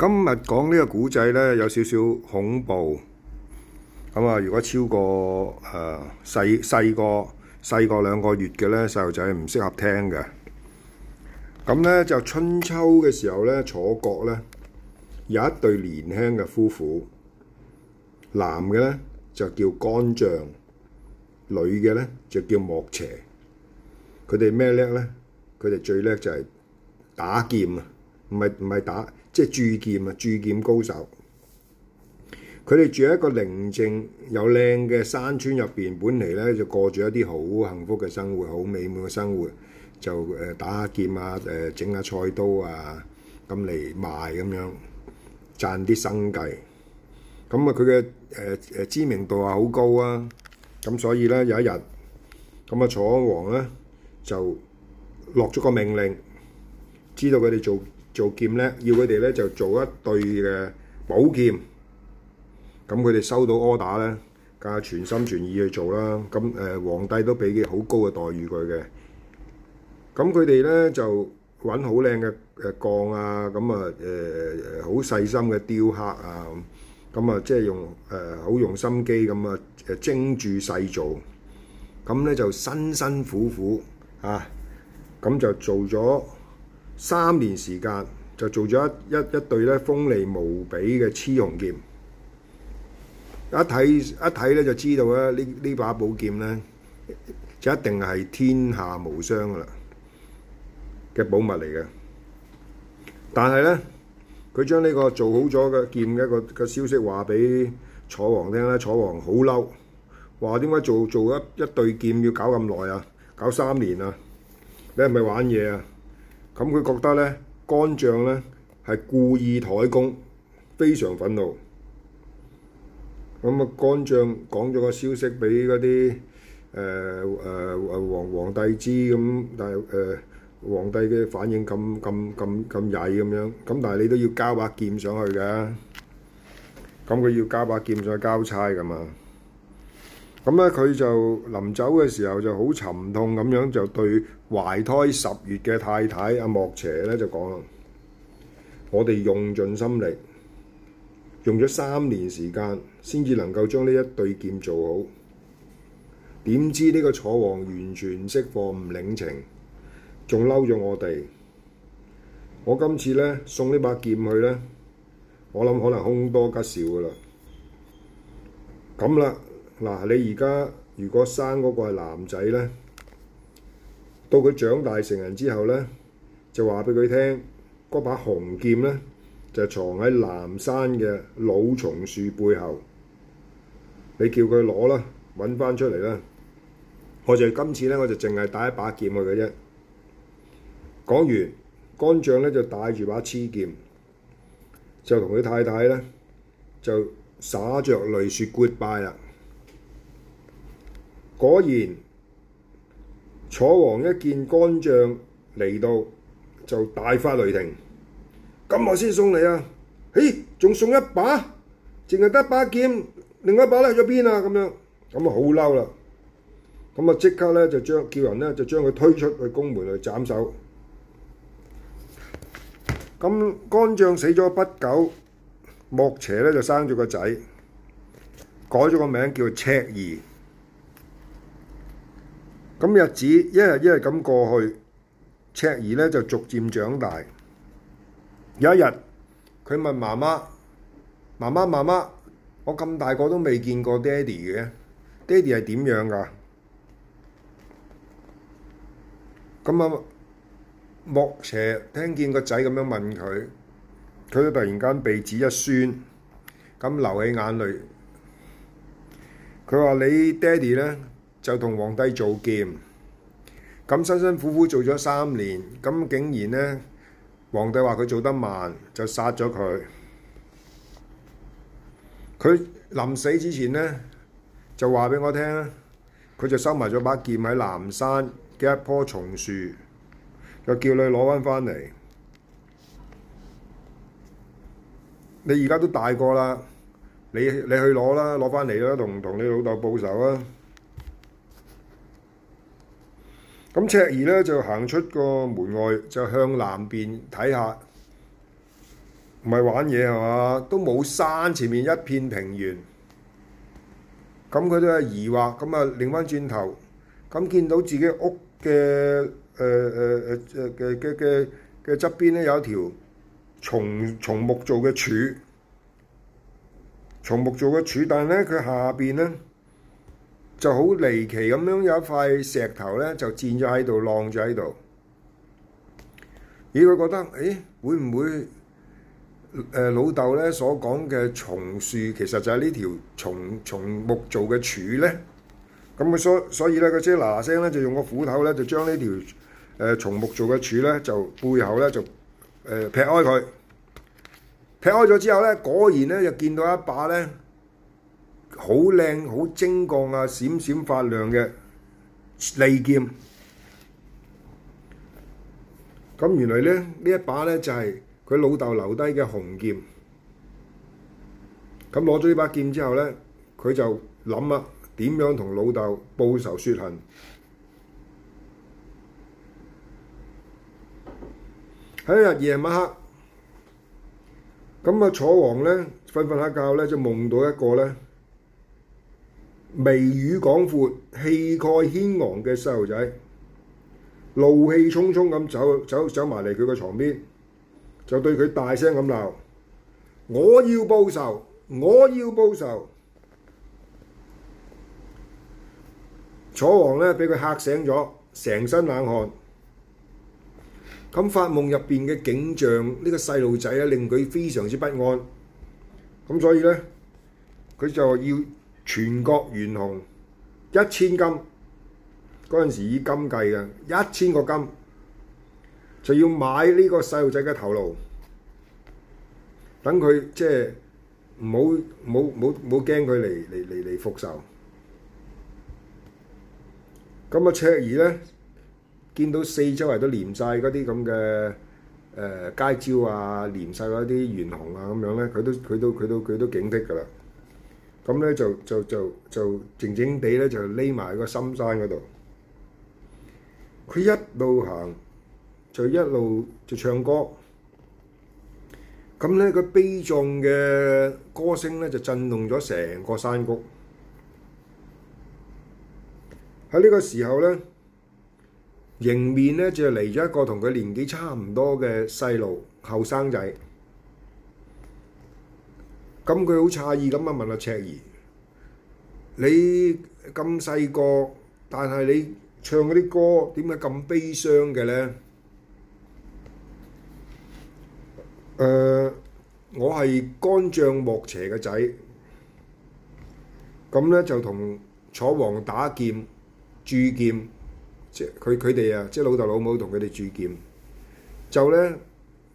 今日講呢個古仔咧，有少少恐怖，咁、嗯、啊，如果超過誒細細個細個兩個月嘅咧，細路仔唔適合聽嘅。咁咧就春秋嘅時候咧，楚國咧有一對年輕嘅夫婦，男嘅咧就叫干將，女嘅咧就叫莫邪。佢哋咩叻咧？佢哋最叻就係打劍啊！唔係唔係打，即係鑄劍啊！鑄劍高手，佢哋住喺一個寧靜又靚嘅山村入邊，本嚟咧就過住一啲好幸福嘅生活，好美滿嘅生活，就誒打下劍啊，誒整下菜刀啊，咁嚟賣，咁樣賺啲生計。咁、嗯、啊，佢嘅誒誒知名度啊好高啊，咁、嗯、所以咧有一日，咁、嗯、啊楚王咧就落咗個命令，知道佢哋做，做劍咧，要佢哋咧就做一對嘅寶劍。咁佢哋收到 order 咧，梗係全心全意去做啦。咁誒，皇帝都俾佢好高嘅待遇佢嘅。咁佢哋咧就揾好靚嘅誒鋼啊，咁啊誒好細心嘅雕刻啊，咁啊即係用誒好用心機咁啊誒精緻細做。咁咧就辛辛苦苦啊，咁就做咗。三年時間就做咗一一一對咧鋒利無比嘅雌雄劍，一睇一睇咧就知道咧呢呢把寶劍咧就一定係天下無雙噶啦嘅寶物嚟嘅。但係咧佢將呢個做好咗嘅劍嘅一個嘅消息話俾楚王聽啦，楚王好嬲，話點解做做一一對劍要搞咁耐啊？搞三年啊？你係咪玩嘢啊？咁佢覺得咧，干將咧係故意怠工，非常憤怒。咁啊，干將講咗個消息俾嗰啲誒誒誒皇皇帝知咁，但係誒、呃、皇帝嘅反應咁咁咁咁曳咁樣。咁但係你都要交把劍上去㗎，咁佢要交把劍上去交差噶嘛。咁咧，佢就臨走嘅時候就好沉痛咁樣，就對懷胎十月嘅太太阿、啊、莫邪咧就講啦：我哋用盡心力，用咗三年時間，先至能夠將呢一對劍做好。點知呢個楚王完全識貨唔領情，仲嬲咗我哋。我今次咧送呢把劍去咧，我諗可能凶多吉少噶啦。咁啦。嗱，你而家如果生嗰個係男仔咧，到佢長大成人之後咧，就話畀佢聽嗰把紅劍咧就藏喺南山嘅老松樹背後，你叫佢攞啦，揾翻出嚟啦。我就今次咧，我就淨係帶一把劍去嘅啫。講完，幹將咧就帶住把黐劍，就同佢太太咧就灑着淚説 goodbye 啦。果然，楚王一見干將嚟到，就大發雷霆。咁我先送你啊，咦，仲送一把，淨係得一把劍，另外一把咧去咗邊啊？咁樣，咁啊好嬲啦。咁啊即刻咧就將叫人咧就將佢推出去宮門去斬首。咁干將死咗不久，莫邪咧就生咗個仔，改咗個名叫赤兒。咁日子一日一日咁過去，赤兒咧就逐漸長大。有一日，佢問媽媽：媽媽媽媽，我咁大個都未見過爹哋嘅，爹哋係點樣噶？咁啊，莫邪聽見個仔咁樣問佢，佢突然間鼻子一酸，咁流起眼淚。佢話：你爹哋咧？就同皇帝做劍咁，辛辛苦苦做咗三年，咁竟然呢，皇帝話佢做得慢，就殺咗佢。佢臨死之前呢，就話俾我聽，佢就收埋咗把劍喺南山嘅一棵松樹，就叫你攞翻翻嚟。你而家都大個啦，你你去攞啦，攞翻嚟啦，同同你老豆報仇啊！咁赤兒咧就行出個門外，就向南邊睇下，唔係玩嘢係嘛？都冇山，前面一片平原。咁佢都係疑惑，咁啊，擰翻轉頭，咁見到自己屋嘅誒誒誒誒嘅嘅嘅嘅側邊咧，有一條松松木做嘅柱，松木做嘅柱，但係咧佢下邊咧。就好離奇咁樣有一塊石頭咧，就墊咗喺度，晾咗喺度。咦，佢覺得，誒、欸、會唔會誒、呃、老豆咧所講嘅松樹其實就係呢條松松木做嘅柱咧？咁佢所所以咧，佢即係嗱嗱聲咧，就用個斧頭咧，就將呢條誒松木做嘅柱咧，就背後咧就誒劈開佢。劈開咗之後咧，果然咧就見到一把咧。好靚、好精鋼啊！閃閃發亮嘅利劍。咁原來咧，呢一把咧就係佢老豆留低嘅紅劍。咁攞咗呢把劍之後咧，佢就諗啊，點樣同老豆報仇雪恨？喺一日夜晚黑，咁啊楚王咧瞓瞓下覺咧，就夢到一個咧。眉宇廣闊、氣概軒昂嘅細路仔，怒氣沖沖咁走走埋嚟佢個床邊，就對佢大聲咁鬧：我要報仇！我要報仇！報仇。楚王呢畀佢嚇醒咗，成身冷汗。咁發夢入邊嘅景象，這個、呢個細路仔啊，令佢非常之不安。咁所以呢，佢就要。全國懸紅一千金，嗰陣時以金計嘅，一千個金就要買呢個細路仔嘅頭顱，等佢即係唔好唔好唔好驚佢嚟嚟嚟嚟復仇。咁啊，卓兒咧見到四周圍都黏晒嗰啲咁嘅誒街招啊，黏曬嗰啲懸紅啊咁樣咧，佢都佢都佢都佢都，都警惕㗎啦。咁咧，就就就就靜靜地咧就匿埋喺個深山嗰度。佢一路行，就一路就唱歌。咁咧，佢悲壯嘅歌聲咧就震動咗成個山谷。喺呢個時候咧，迎面咧就嚟咗一個同佢年紀差唔多嘅細路，後生仔。咁佢好詫異咁啊！問阿赤兒：你咁細個，但係你唱嗰啲歌點解咁悲傷嘅咧？誒，我係干將莫邪嘅仔，咁咧就同楚王打劍、鑄劍，即係佢佢哋啊，即係老豆老母同佢哋鑄劍，就咧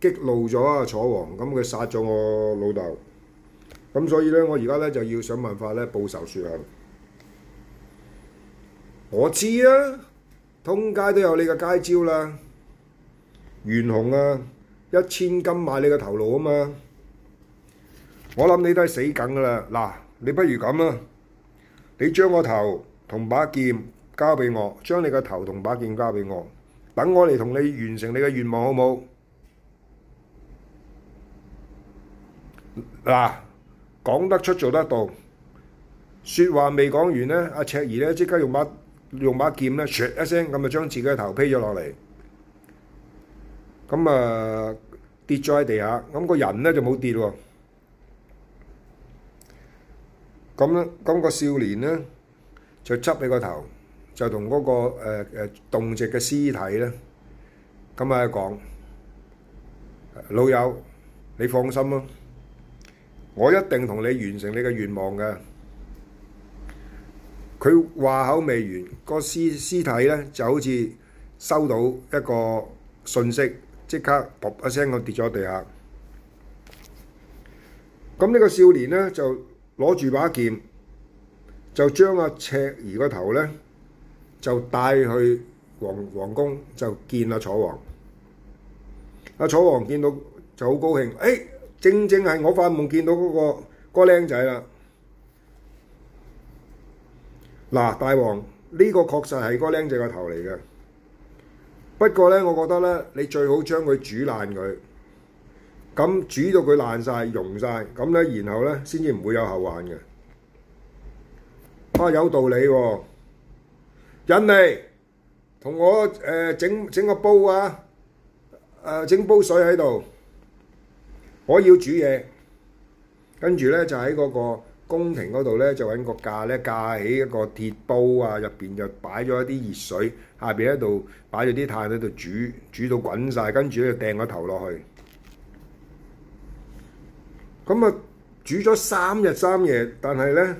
激怒咗啊！楚王咁佢殺咗我老豆。咁所以咧，我而家咧就要想辦法咧報仇雪恨。我知啊，通街都有你嘅街招啦，袁弘啊，一千金買你嘅頭顱啊嘛。我諗你都係死梗噶啦，嗱，你不如咁啊，你將個頭同把劍交俾我，將你嘅頭同把劍交俾我，等我嚟同你完成你嘅願望，好冇？嗱。講得出做得到，説話未講完咧，阿赤兒咧即刻用把用把劍咧，唰一聲咁就，將自己嘅頭劈咗落嚟，咁啊跌咗喺地下，咁個人咧就冇跌喎，咁樣咁個少年咧就執起個頭，就同嗰個誒誒動植嘅屍體咧，咁啊講老友，你放心咯。我一定同你完成你嘅願望嘅。佢話口未完，個屍屍體咧就好似收到一個信息，即刻噗一聲咁跌咗地下。咁呢個少年咧就攞住把劍，就將阿赤兒個頭咧就帶去皇皇宮就見阿楚王。阿楚王見到就好高興，哎！正正係我發夢見到嗰個個靚仔啦！嗱，大王，呢個確實係個靚仔個頭嚟嘅。不過咧，我覺得咧，你最好將佢煮爛佢，咁煮到佢爛曬、溶曬，咁咧，然後咧，先至唔會有後患嘅。啊，有道理喎！忍嚟同我誒整整個煲啊，誒整煲水喺度。我要煮嘢，跟住咧就喺嗰個宮廷嗰度咧，就搵個架咧架起一個鐵煲啊，入邊就擺咗一啲熱水，下邊喺度擺咗啲炭喺度煮，煮到滾晒。跟住咧就掟個頭落去。咁啊，煮咗三日三夜，但係咧，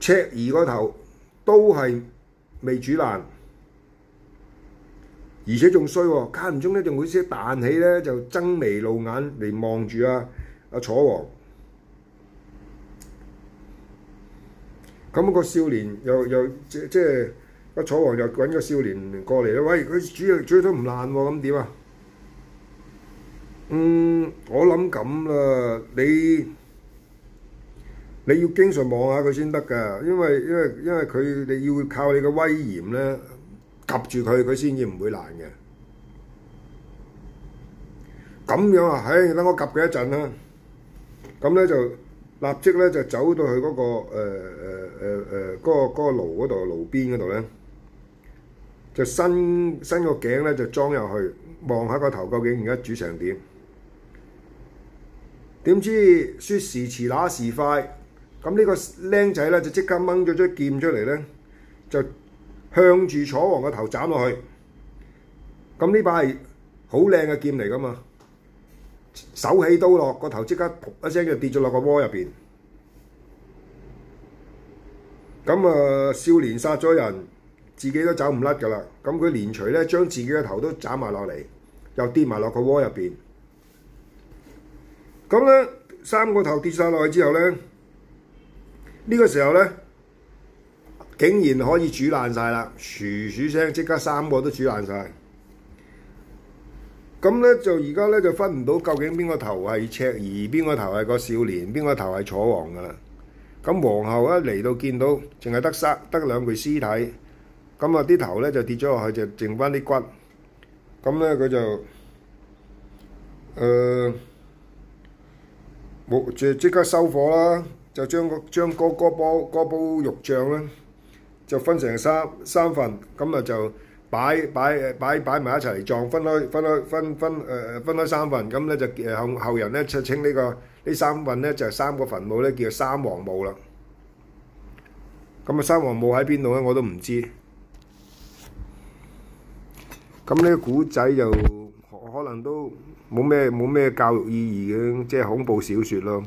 赤兒個頭都係未煮爛。而且仲衰喎，間唔中咧仲會識彈起咧，就爭眉露眼嚟望住啊！阿楚王，咁、那個少年又又即即阿楚王又揾個少年過嚟咧，喂，佢主要主要都唔爛喎，咁點啊？嗯，我諗咁啦，你你要經常望下佢先得㗎，因為因為因為佢你要靠你嘅威嚴咧。夾住佢，佢先至唔會爛嘅。咁樣啊，唉、哎，等我夾佢一陣啦。咁咧就立即咧就走到去嗰、嗰個誒誒誒誒嗰個、嗰個爐嗰度，爐邊嗰度咧，就伸伸個頸咧，就裝入去，望下個頭究竟而家煮成點。點知說時遲那時快，咁呢個僆仔咧就即刻掹咗張劍出嚟咧，就呢。就向住楚王嘅頭斬落去，咁呢把係好靚嘅劍嚟噶嘛？手起刀落，個頭即刻噗一聲就跌咗落個窩入邊。咁啊、呃，少年殺咗人，自己都走唔甩噶啦。咁佢連隨咧將自己嘅頭都斬埋落嚟，又跌埋落個窩入邊。咁咧三個頭跌晒落去之後咧，呢、呢個時候咧。竟然可以煮爛晒啦！廚廚聲，即刻三個都煮爛晒，咁咧就而家咧就分唔到究竟邊個頭係赤兒，邊個頭係個少年，邊個頭係楚王噶啦。咁皇后一嚟到見到，淨係得三得兩具屍體，咁啊啲頭咧就跌咗落去，就剩翻啲骨。咁咧佢就誒冇就即刻收火啦，就將個將嗰嗰煲嗰煲肉醬啦。就分成三三份，咁啊就擺擺誒擺擺埋一齊嚟葬，分開分開分分誒分開三份，咁咧就後後人咧就稱呢個呢三份咧就係三個墳墓咧叫三王墓啦。咁啊，三王墓喺邊度咧？我都唔知。咁呢個古仔又可能都冇咩冇咩教育意義嘅，即係恐怖小説咯。